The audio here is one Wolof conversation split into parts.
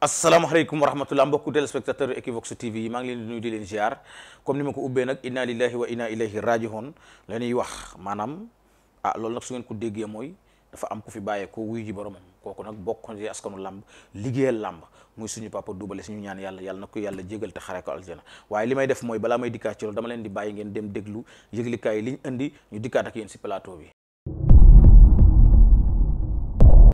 asalaamaaleykum wa rahmatullah mbokku téléspectateur Equivox TV maa ngi leen di nuyu di leen ziar comme ni ma ko ubbee nag inna lillahi wa inna ilayhi rajihoon la ñuy wax maanaam a ah, loolu nag su ngeen ko déggee mooy dafa am ku fi bàyyeekoo wuyu ji boromam kooku nag bokk ci askanu làmb liggéeyal làmb muy suñu papa duubale ñu ñaan yàlla yàlla na ko yàlla jégal te xare ko aljana waaye li may def mooy balaa may dikkaat ci loolu dama leen di bàyyi ngeen dem déglu yëglikaay yi liñ indi ñu dikkaat yéen si plateau bi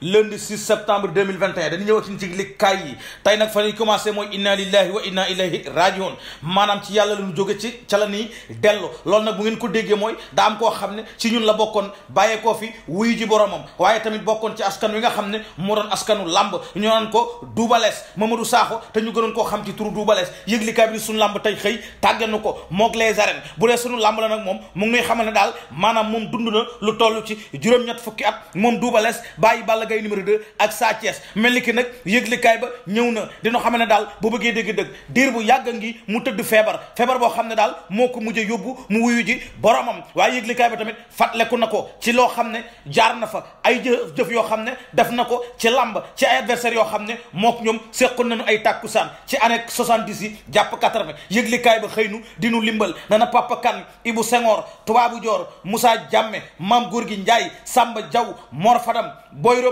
lundi 6 septembre 2021 dañu ñëwatin ci likkaay yi tey nag fa ñuy commencé mooy inna lillahi wa inna ilayhi rajiun maanaam ci yàlla lu jóge ci ca dellu loolu nag bu ngeen ko déggee mooy daa am koo xam ne ci ñun la bokkoon bàyyeekoo fi wuyu ji boromam waaye tamit bokkoon ci askan wi nga xam ne moo doon askanu làmb ñu naan ko duubalees Mamadou Sakho te ñu gënoon koo xam ci turu duubalees yëg likaay bi suñu làmb tey xëy tàgge nu ko moog les arènes bu dee suñu làmb la nag moom mu ngi xamal ne daal maanaam moom dund lu toll ci juróom-ñett fukki at Gueye numéro 2 ak Sa Thiès mel ni ki nag yëglikaay ba ñëw na dina xam ne daal bu bëggee dégg dëgg diir bu yàgg ngi mu tëdd feebar feebar boo xam ne daal moo ko mujj yóbbu mu wuyu ji boromam waaye yëglikaay ba tamit fàttaleku na ko ci loo xam ne jaar na fa ay jëf jëf yoo xam ne def na ko ci làmb ci ay yoo xam ne mook ñoom seqoon nañu ay tàkku tàkkusaan ci année soixante-dix yi jàpp quatre-vingt yëglikaay ba xëy nu dinu limbal dana Papa Kane Ibou Senghor Tubaabu Joor Moussa Jàmme Maam Góor gi Njaay Samba Jaw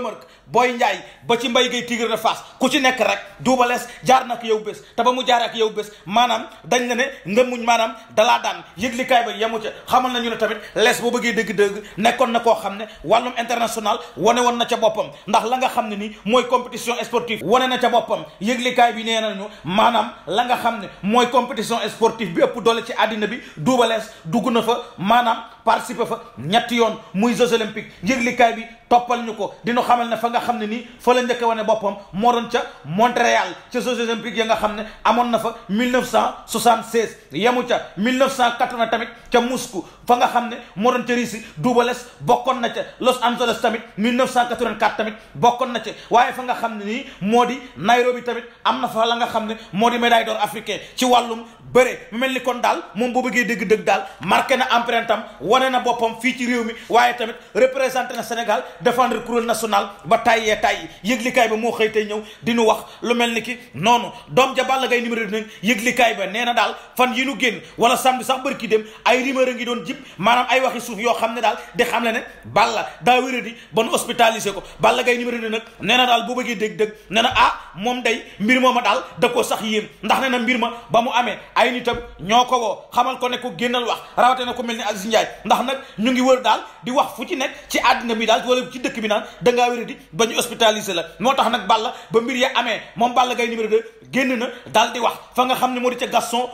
remarque Boy Ndiaye ba ci Mbaye Guèye Tigre de Fass ku ci nekk rek Double jaar na ak yow bés te ba mu jaar ak yow bés maanaam dañ la ne nga muñ maanaam dalaa daan yëglikaay ba yemu ca xamal nañu ne tamit Less boo bëggee dëgg-dëgg nekkoon na koo xam ne wàllum international wane woon na ca boppam ndax la nga xam ne nii mooy compétition sportive wane na ca boppam yëglikaay bi nee nañu maanaam la nga xam ne mooy compétition sportive bi ëpp doole ci àddina bi Double dugg na fa maanaam participer fa ñetti yoon muy jeux olympiques yëglikaay bi toppal ñu ko dinu xamal ne fa nga xam ne nii fa la njëkk wane boppam moo ca Montréal ca jeux olympiques ya nga xam ne amoon na fa 1976 yemu ca 1980 tamit ca Moscou fa nga xam ne moo doon ca Russie duubales bokkoon na ca Los Angeles tamit 1984 tamit bokkoon na ca waaye fa nga xam ne nii moo di Nairobi tamit am na fa la nga xam ne moo di médaille d'or africain ci wàllum bëre mu mel ni kon daal moom boo bëggee dëgg-dëgg daal marqué na empreinte wane na boppam fii ci réew mi waaye tamit représenté na Sénégal défendre kuréel national ba tàyyee tayyi yëglikaay bi moo xëy tey ñëw dinu wax lu mel ni ki noonu doom ja Balla Gaye numéro dinañ yëglikaay ba nee na daal fan yi nu génn wala samedi sax bër ki dem ay rumeur a ngi doon jib maanaam ay waxi suuf yoo xam ne daal di xam le ne Balla daa wéra di ba nu hospitalisé ko Balla Gaye numéro di nag nee na daal boo bëggee dëgg-dëgg nee na ah moom day mbir mooma daal da koo sax yéem ndax nee na mbir ma ba mu amee ay nitam ñoo ko woo xamal ko ne ko génnal wax rawate na ko mel ni Aziz Ndiaye ndax nag ñu ngi wër daal di wax fu ci nekk ci àddina bi daal wala ci dëkk bi naan dangaa wér di ba ñu hospitalisé la moo tax nag Balla ba mbir ya amee moom Balla Gaye numéro 2 génn na daal di wax fa nga xam ne moo di ca Gaston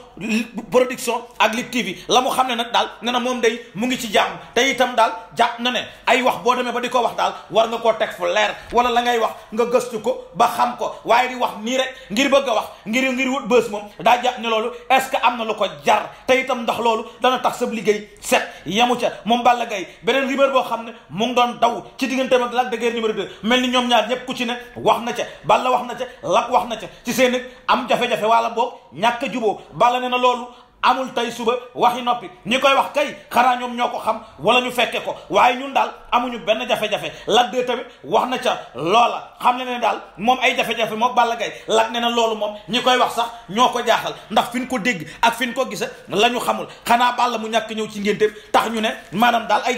production ak Lutte TV la mu xam ne nag daal ne na moom day mu ngi ci jàmm te itam daal jàpp na ne ay wax boo demee ba di ko wax daal war nga koo teg fu leer wala la ngay wax nga gëstu ko ba xam ko waaye di wax nii rek ngir bëgg a wax ngir ngir wut bës moom daa jàpp ne loolu est-ce que am na lu ko jar te itam ndax loolu dana tax sab liggéey set yamu ca moom Balla Gaye beneen rumeur boo xam ne mu ngi doon daw ci digganteem ak Lac de Guiers numéro 2 mel ni ñoom ñaar ñëpp ku ci ne wax na ca Balla wax na ca Lac wax na ca ci seen am jafe-jafe wala boog ñàkk a juboo Balla ne na loolu amul tey suba waxi noppi ñi koy wax kay xanaa ñoom ñoo ko xam wala ñu fekke ko waaye ñun daal amuñu benn jafe-jafe Lac 2 tamit wax na ca loola xam ne ne daal moom ay jafe-jafe moom Balla Gaye ne na loolu moom ñi koy wax sax ñoo ko jaaxal ndax fi ñu ko dégg ak fi ñu ko gisa la ñu xamul xanaa Balla mu ñàkk ñëw ci ngénteem tax ñu ne maanaam daal ay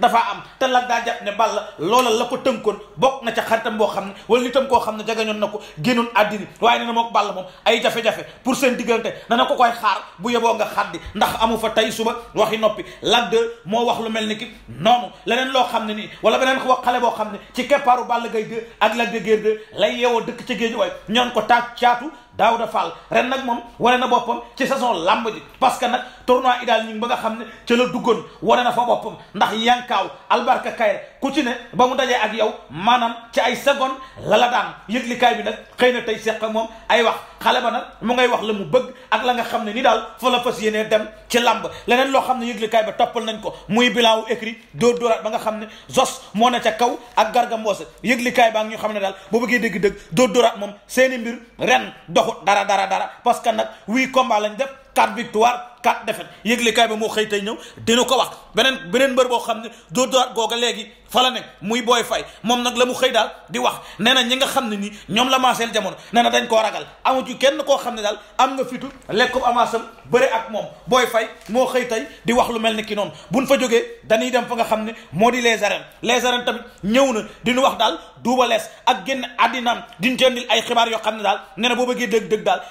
dafaa am te Lac daa jàpp ne Balla loola la ko tënkoon bokk na ca xaritam boo xam ne wala nitam koo xam ne jagañoon na ko génnoon àddina waaye ne na mook Balla moom ay jafe pour seen diggante dana ko koy xaar bu yeboo nga xaddi ndax amu fa tey suba waxi noppi Lac 2 moo wax lu mel ni ki noonu leneen loo xam ne nii wala beneen wax xale boo xam ne ci keppaaru Balla gay 2 ak Lac de Guiers 2 lay yeewoo dëkk ca géej waaye ñoon ko taaj caatu daaw Daouda Fall ren nag moom wane na boppam ci saison làmb ji parce que nag tournoi idéal ñu ngi ba nga xam ne ca la duggoon wane na fa boppam ndax yankaaw albarka kayre ku ci ne ba mu dajee ak yow maanaam ci ay seconde lala daan yëglikaay bi nag xëy na tey seq moom ay wax xale ba nag mu ngay wax la mu bëgg ak la nga xam ne nii daal fa la fas yéenee dem ci làmb leneen loo xam ne yëglikaay ba toppal nañ ko muy bilan wu écrit dóor dóoraat ba ne zos moo ne ca kaw ak garga mboose yëglikaay baa ngi xam ne daal boo bëggee dégg-dëgg dóor dóoraat moom seeni mbir ren taxut dara dara dara parce que nag huit combats lañ def quatre victoires quatre défaites yëglekaay ba moo xëy tey ñëw dina ko wax beneen beneen mbër boo xam ne doo doot googa léegi fa la nekk muy booy fay moom nag la mu xëy daal di wax nee na ñi nga xam ne nii ñoom la maaseel jamono nee na dañ koo ragal amu ci kenn koo xam ne daal am nga fitu lekk ko amaasam bëre ak moom booy fay moo xëy tey di wax lu mel ni ki noonu buñ fa jógee dañuy dem fa nga xam ne moo di les arènes les arènes tamit ñëw na diñu wax daal duuba lees ak génn àddinaam diñ teendil ay xibaar yoo xam ne daal nee boo ba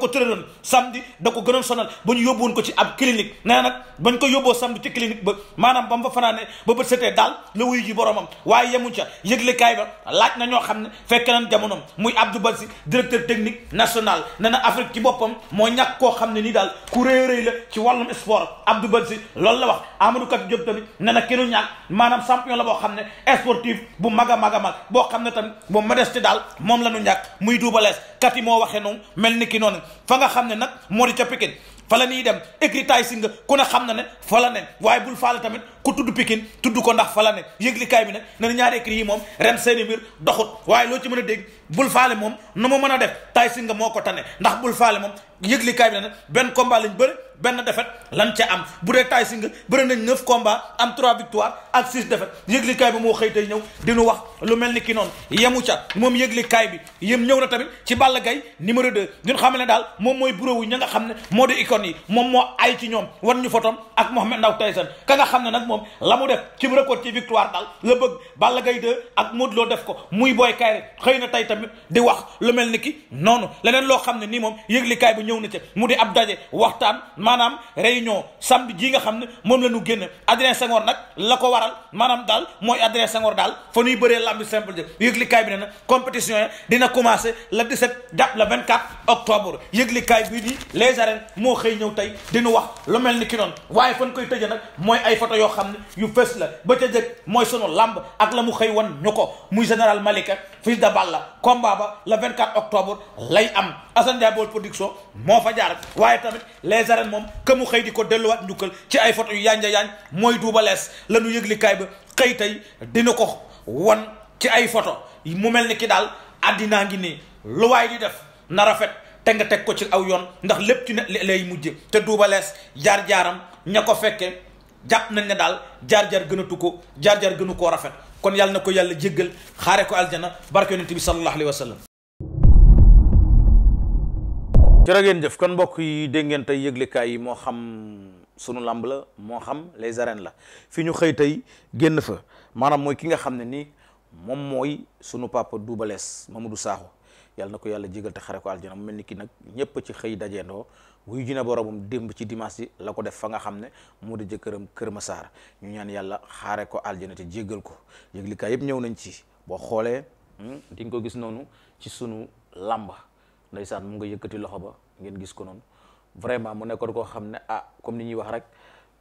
ko tëraloon samedi da ko gënoon yóbboon ko ci ab clinique nee nag bañ ko yóbboo samedi ci clinique ba maanaam ba mu fa fanaane ba bët setee daal la wuyu ji boromam waaye yemuñ ca yëglekaay ba laaj na ñoo xam ne fekk nañ jamonom muy Abdou Bassi directeur technique national nee na Afrique ci boppam moo ñàkk koo xam ne nii daal ku rëy rëy la ci wàllum sport Abdou Bassi loolu la wax Amadou Kat Diop tamit nee na kenn ñàkk maanaam champion la boo xam ne sportif bu mag a mag a mag boo xam ne tamit bu modeste daal moom la ñu ñàkk muy duubalees kat yi moo waxee noonu mel ni ki noonu fa nga xam ne nag moo di ca fa la ñuy dem écrit tay si nga ku ne xam na ne fa la ne waaye bul faale tamit ku tudd Pikine tudd ko ndax fa la ne bi nag ne na ñaari écuries yi moom ren seeni mbir doxut waaye loo ci mën a dégg bul faale moom nu mu mën a def tay si moo ko tane ndax bul faale moom yëglikaay bi nag benn combat lañ bëri benn défaite lan bu dee tay si nga bëri nañ neuf combat am trois victoire ak six défaite yëglikaay bi moo xëy tey dinu wax lu mel ni ki noonu yemu ca moom kaay bi yem ñëw na tamit ci Balla Gaye numéro deux ñun xam ne daal moom mooy bureau ña nga xam ne moo di icône yi moom moo ay ci ñoom war ñu fotoom ak Mohamed Ndaw Tyson ka nga xam moom la mu def ci record ci victoire daal la bëgg Balla Gaye 2 ak Modou def ko muy Boy xëy na tey tamit di wax lu mel ni ki noonu leneen loo xam ne nii moom yëglikaay bi ñëw na ca mu di ab daje waxtaan maanaam réunion samedi ji nga xam ne moom la ñu génn Adrien Senghor nag la ko waral maanaam daal mooy Adrien Senghor daal fa ñuy bëree lambi simple ji yëglikaay bi ne na compétition yi dina commencé le 17 jàpp le 24 octobre yëglikaay bi di les arènes moo xëy lu mel ni ki yu fees la ba a jëkk mooy sunu lamb ak la mu xëy wan ñu ko muy général Malika fils de Balla combat ba le 24 octobre lay am Assane Ndiaye production moo fa jaar waaye tamit les arènes moom que mu xëy di ko delluwaat njukkal ci ay photo yu yanja yaañ mooy duuba lees la ñu yëglikaay ba xëy tey dina ko wan ci ay photo mu mel ni ki daal addinaa ngi nii lu waay di def na rafet te nga teg ko ci aw yoon ndax lépp ci ne lay mujje te duubalees jaar jaaram ña ko jàpp nañ ne daal jaar-jaar gënatu ko jaar-jaar gënu koo rafet kon yàlla na ko yàlla jéggal xaare ko aljana barke yonent bi sallallahu alayhi wa sallam jërë ngeen jëf kon mbokk yi dégg ngeen tey yëglekaay yi moo xam sunu lamb la moo xam les arènes la fi ñu xëy tey génn fa maanaam mooy ki nga xam ne nii moom mooy sunu papa Double Less du Sakho yàlla na ko yàlla jégal te xare ko aljana mu mel ni ki nag ñëpp ci xëy dajeendoo bu ji na boromam démb ci dimanche yi la ko def fa nga xam ne moo di jëkkëram Kër ma saar ñu ñaan yàlla xaare ko aljana te jégal ko yëglikaay yëpp ñëw nañ ci boo xoolee hmm, di nga ko gis noonu ci sunu làmba ndeysaan mu nga yëkkati loxo ba ngeen gis ko noonu vraiment mu nekkoon koo xam ne ah comme ni ñuy wax rek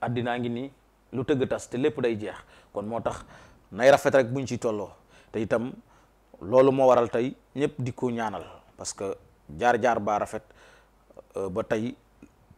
àddinaa ngi nii lu tëgg tas te lépp day jeex kon moo tax nay rafet rek ci tolloo loolu moo waral tey ñëpp di ko ñaanal parce que jaar-jaar baa rafet euh, ba tey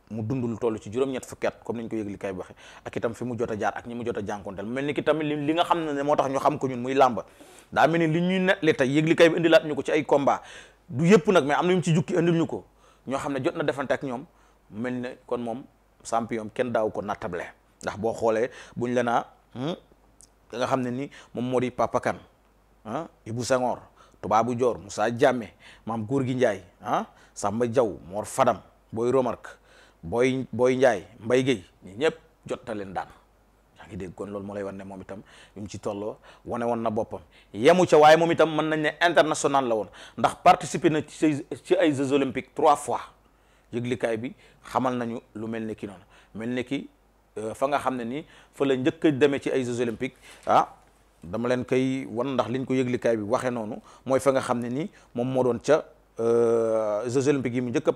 mu dundul toll ci juróom-ñett fukki at comme ni ñu ko yëgle kay waxe ak itam fi mu jot a jaar ak ñi mu jot a jànkonteel mel ni ki tamit li nga xam ne moo tax ñu xam ko ñun muy làmba daa mel ni li ñuy nettali tey yëgle kay bi indilaat ñu ko ci ay combat du yëpp nag mais am na ci jukki indil ñu ko ñoo xam ne jot na defante ak ñoom mel ne kon moom champion kenn daaw ko nattable ndax boo xoolee bu buñ la naa hmm, nga xam ne ni moom moo di Papa ah bu Senghor Tubaabu Joor Moussa jàmme maam Gorgui njaay ah Samba Diaw Mor Fadam Boy Remarque Boy Boy Ndiaye mbay Guèye ñi ñëpp jot na leen daan yaa ngi dégg kon loolu moo lay wan ne moom itam ñu mu ci tolloo wane woon na boppam yemu ca waaye moom itam mën nañ ne international la woon ndax participer na ci ci ay Jeux olympiques trois fois yëglikaay bi xamal nañu lu mel ni ki noonu mel ni ki euh, fa nga xam ne nii fa la njëkk a demee ci ay Jeux olympiques ah dama leen koy wan ndax liñ ko yëglikaay bi waxee noonu mooy fa nga xam ne nii moom moo doon ca euh, Jeux olympiques yi mu njëkk a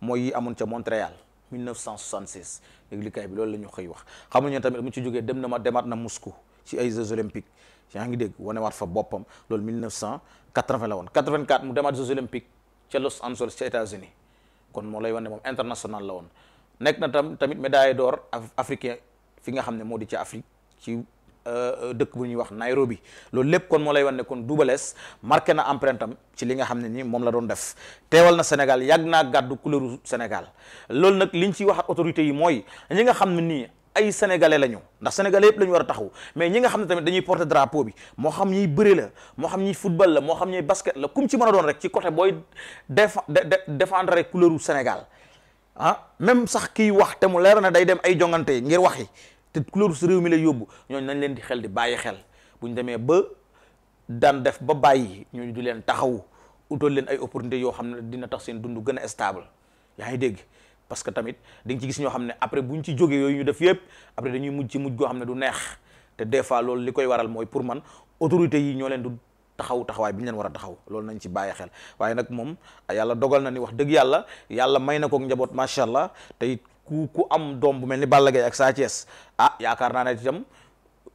mooy yi amoon ca Montréal 1966 yëglikaay bi loolu la ñu xëy wax xamuñu ne tamit mu ci jógee dem na ma demaat na Moscou ci ay yaa ngi dégg wanewaat fa boppam loolu 1980 la woon 84 mu demaat Jeux olympiques ca Los Angeles ca États-Unis kon moo lay wan ne moom international la woon nekk na tam tamit médaille door africain fi nga xam ne moo di ca Afrique ci Euh, dëkk bu ñuy wax Nairobi loolu lépp kon moo lay wan ne kon Double Less na empreinte am ci li nga xam ne nii moom la doon def teewal na Sénégal yàgg naa gàddu couleuru Sénégal loolu nag liñ ciy wax ak autorités yi mooy ñi nga xam ne nii ay sénégalais lañu ndax sénégalais yëpp la war a taxaw mais ñi nga xam ne tamit dañuy porter drapeau bi moo xam ñi bëre la moo xam ñi football la moo xam ñuy basket la kum ci mën a doon rek ci côté booy déf défendre rek couleuru Sénégal ah même sax kiy wax te mu leer na day dem ay jongante ngir waxi te couleur su réew mi lay yóbbu ñooñu nañ leen di xel di bàyyi xel bu ñu demee ba daan def ba bàyyi ñooñu di leen taxaw utal leen ay opportunité yoo xam ne dina tax seen dund gën a stable yaa ngi dégg parce que tamit da nga ci gis ñoo xam ne après bu ñu ci jógee yooyu ñu def yëpp après dañuy mujj ci mujj goo xam ne du neex te des lool li koy waral mooy pour man autorité yi ñoo leen du taxaw taxawaay bi ñu leen war a taxaw loolu nañ ci bàyyi xel waaye nag moom yàlla dogal na ni wax dëgg yàlla yàlla may na ko njaboot macha allah ku ku am doom bu mel ni Balla Gaye ak Sa ah yaakaar naa ne itam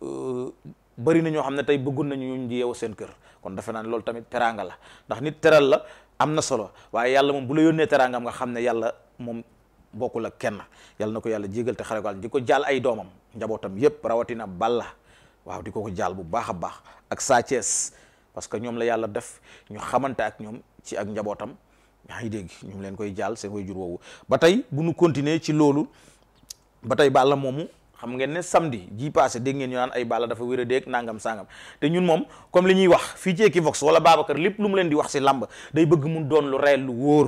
euh, bëri na ñoo xam ne tey bëggun nañu ñu yeewu seen kër kon defe naa ne loolu tamit teraanga la ndax nit teral la am na solo waaye yàlla moom bu la yónnee teraangam nga xam ne yàlla moom bokkul ak kenn yàlla na ko yàlla jégal te xare ko di ko jaal ay doomam njabootam yépp rawatina Balla waaw di ko ko jaal bu baax a baax ak Sa Thiès parce que ñoom la yàlla def ñu xamante ak ñoom ci ak njabootam yaa ngi dégg ñu ngi leen koy jaal seen way jur woowu ba tey bu nu continuer ci loolu ba tey Balla moomu xam ngeen ne samedi ji passé dégg ngeen ñu naan ay Balla dafa wér a déeg nangam sangam te ñun moom comme li ñuy wax fii ci Equivox wala Babacar lépp lu leen di wax si làmb day bëgg mu doon lu réel lu wóor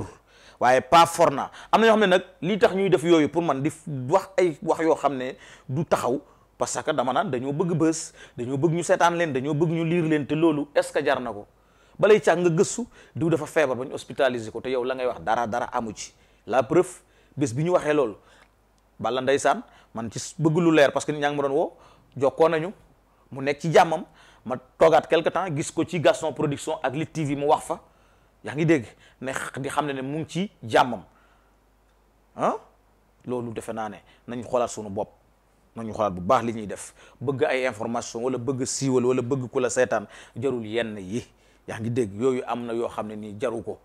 waaye pas forna na ñoo xam ne nag lii tax ñuy def yooyu pour man di wax ay wax yoo xam ne du taxaw parce que dama naan dañoo bëgg bës dañoo bëgg ñu seetaan leen dañoo bëgg ñu liir leen te loolu est ce que jar na ko balay càag nga gëstu diw dafa feebar ba ñu hospitaliser ko te yow la ngay wax dara dara amu ci la preuve bés bi ñu waxee loolu bala ndeysaan man ci bëgg lu leer parce que ñaa ngi ma doon woo jokkoo nañu mu nekk ci jàmmam ma toogaat quelque temps gis ko ci Gaston Production ak Lit TV mu wax fa yaa ngi dégg ne di xam ne ne mu ngi ci jàmmam ah loolu defe naa ne nañu xoolaat sunu bopp nañu xoolaat bu baax li ñuy def bëgg ay information wala bëgg siiwal wala bëgg ku la seetaan jarul yenn yi yaa ngi dégg yooyu am na yoo xam ne nii jaru ko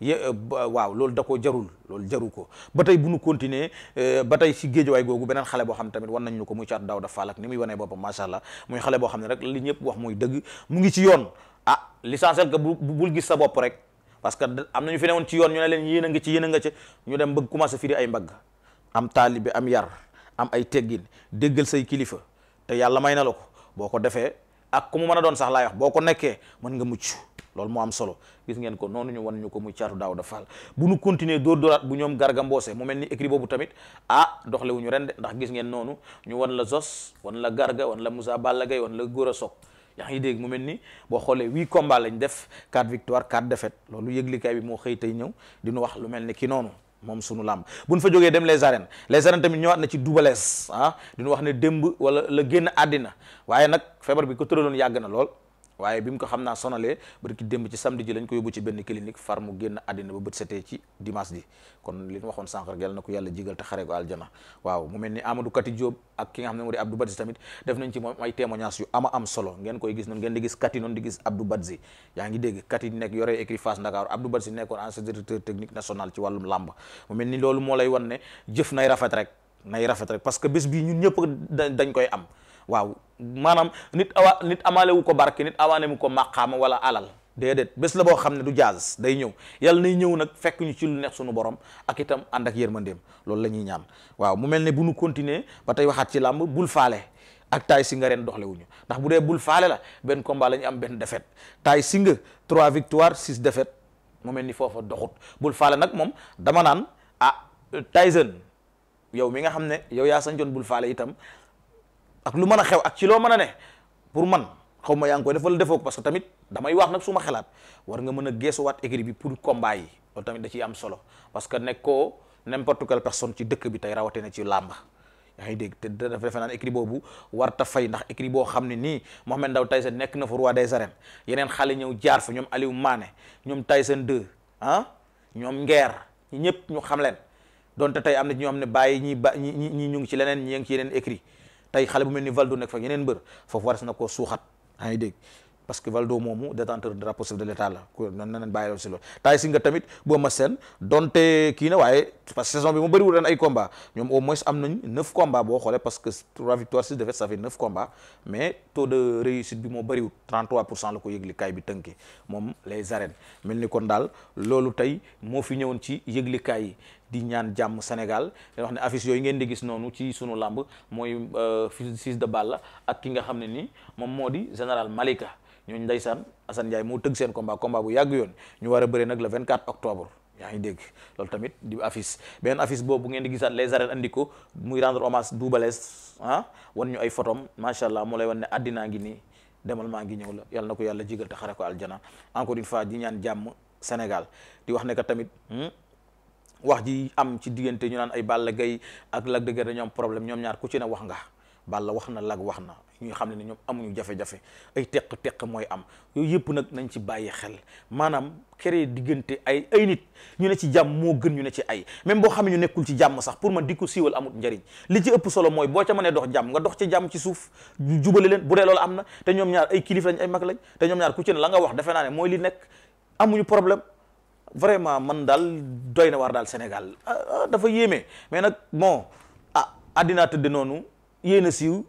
ye euh, waaw loolu da koo jarul loolu jaru ko ba tey bu nu continuer euh, ba tey si géejawaay googu beneen xale boo xam ne tamit wan nañ ñu ko muy Thiatou Daouda Fall ak muy wanee boppam macha allah muy xale boo xam ne rek li ñëpp wax muy dëgg mu ngi ci yoon ah l'essentiel que bu bul gis sa bopp rek parce que am nañu fi newoon ci yoon ñu ne leen yéen a nga ci yéen a nga ci ñu dem bëgg commencé firi ay mbagg am taalibe am yar am ay teggin déggal say kilifa te yàlla may na la ko boo ko defee ak ku mu man a doon sax laay wax boo ko nekkee mën nga mucc loolu moo am solo gis ngeen ko noonu ñu wan ñu ko muy caatu daaw da faal bu nu continuer dóor dóoraat bu ñoom garga mboose mu mel ni écrit boobu tamit ah doxle wu ñu ren ndax gis ngeen noonu ñu wan la sos wan la garga wan la musa Balla gay wan la góor a soog yaa ngi dégg mu mel ni boo xoolee huit combats lañ def quatre victoire quatre defet loolu yëglikaay bi moo xëy tey ñëw di nu wax lu mel ni ki noonu moom sunu làmp bu ñu fa jógee dem les arènes les arènes tamit ñëwaat na ci dubalees ah di wax ne démb wala la génn àddina waaye nag feebar bi ko tëraloon yàgg na lool waaye bi mu ko xam naa sonalee bari ki démb ci samedi ji lañ ko yóbbu ci benn clinique far mu génn àddina ba bët setee ci dimanche ji kon li waxoon sànq rek na ko yàlla jigal te xare ko aljana waaw mu mel ni Amadou Kati Diop ak ki nga xam ne moo di Abdou Badji tamit def nañ ci moom ay témoignages yu ama am solo ngeen koy gis noonu ngeen di gis Kati noonu di gis Abdou Badji yaa ngi dégg Kati nekk yore écurie Fass Ndakaaru Abdou Badji nekkoon ancien directeur ni loolu moo lay wan ne jëf nay rafet rek nay rafet rek parce que bés ñëpp dañ koy am waaw maanaam nit awa nit amaale wu ko barke nit awaane mu ko màqaama wala alal déedéet bés la boo xam ne du jaaz day ñëw yàlla nay ñëw nag fekk ñu ci lu neex sunu borom ak itam ànd ak yërmandeem loolu la ñuy ñaan waaw mu mel ne bu nu continuer ba tey waxaat ci làmb bul faale ak taay si nga ren doxle wuñu ndax bu dee bul faale la benn combat la ñu am benn défaite taay si nga trois victoires six défaites mu mel ni foofa doxut bul faale nag moom dama naan ah Tyson yow mi nga xam ne yow yaa sañ sanjoon bul faale itam ak lu mën a xew ak ci loo mën a ne pour man xaw ma yaa ngi koy defal defoo ko parce que tamit damay wax nag suma ma xalaat war nga mën a geesuwaat écrit bi pour combat yi loolu tamit da ciy am solo parce que nekkoo n'importe quelle personne ci dëkk bi tey rawatina ci làmba yaa ngi dégg te dafa defe naan écrit boobu war ta fay ndax écrit boo xam ne nii Mohamed Ndao Tyson nekk na fa roi des arènes yeneen xale ñëw jaar fo ñoom Aliou Mané ñoom Tyson 2 ah ñoom Nguer ñëpp ñu xam leen donte tey am na ñoo xam ne bàyyi ñi ba ñi ñi ñu ngi ci leneen ñi ngi ci yeneen écrit tey xale bu mel ni Valdo nekk fa yeneen mbër foofu waras na koo suuxat yaa ngi dégg parce que Valdo moomu détenteur drapeau de l'état si loolu taay si nga tamit boo ma seen donte kii na waaye parce que saison bi mu bëriwul ren ay combat ñoom am nañ neuf combat boo xoolee parce que trois victoires six défaites moo bëriwul 33 pour cent la ko yëglikaay bi tënkee moom les arènes mel ni kon daal loolu tey moo fi ñëwoon ci yëglikaay yi di ñaan jàmm Sénégal di wax ne affiche yooyu ngeen di gis noonu ci sunu làmb mooy euh, fils de la ak ki nga xam ne ni moom moo di général Malika day ndeysaan Assane Ndiaye moo tëgg seen combat combat bu yàgg yoon ñu war a bëre nag le 24 octobre. yaa ngi dégg loolu tamit di affiche benn affiche boobu ngeen di gisaat les arènes andi ko muy rendre hommage duubalees ah wan ñu ay photom macha allah moo lay wan ne addinaa ngi nii demal maa ngi ñëw la yàlla na ko yàlla jigal te xare ko aljana encore une fois di jàmm Sénégal wax ji am ci diggante ñu naan ay Balla gay ak Lac de Guiers dañoo problème ñoom ñaar ku ci ne wax nga Balla wax na Lac wax na ñuy xam ne ne ñoom amuñu jafe ay teq-teq mooy am yooyu yëpp nag nañ ci bàyyi xel maanaam créer diggante ay ay nit ñu ne ci jàmm moo gën ñu ne ci ay même boo xam ne ñu nekkul ci jàmm sax pour man di ko siiwal amut njariñ li ci ëpp solo mooy boo ca mënee dox jàmm nga dox ci jàmm ci suuf jubale leen bu dee loolu am na te ñoom ñaar ay kilifa lañ mag lañ te ñoom ñaar ku ci ne la nga wax defe naa ne mooy li nekk amuñu problème vraiment man daal doy na waar daal Sénégal ah, ah, dafa yéeme mais nag bon ah àddinaa tëdd noonu yéen a siiw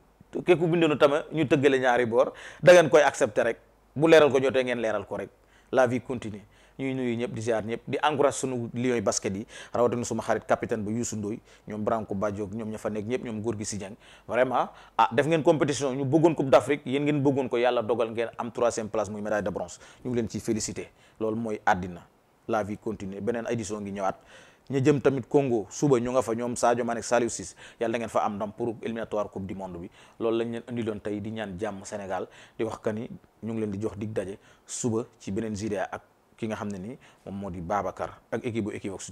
ke ku bindoonu tama ñu tëggale ñaari boor da ngeen koy accepter rek bu leeral ko jotee ngeen leeral ko rek la vie continue ñuy nuyu ñëpp di ziar ñëpp di encourage sunu lions yi basket yi rawatina suma xarit capitaine ba Youssou Ndoy ñoom Branco Badiog ñoom ña fa nekk ñëpp ñoom góor gi si jàng vraiment ah def ngeen compétition ñu bëggoon ko d'Afrique yéen ngeen bëggoon ko yàlla dogal ngeen am troisième place muy médaille de bronze ñu loolu mooy àddina la vie continue beneen édition ngi ñëwaat ñu jëm tamit Congo suba ñu nga fa ñoom Sadio Mané ak Saliou Ciss yàlla ngeen fa am ndam pour éliminatoire coupe du monde bi loolu lañ leen indiloon tey di ñaan jàmm Sénégal di wax ka ni ñu ngi leen di jox dig daje suba ci beneen Zidane ak ki nga xam ne ni moom moo di Babacar ak équipe bu Equivox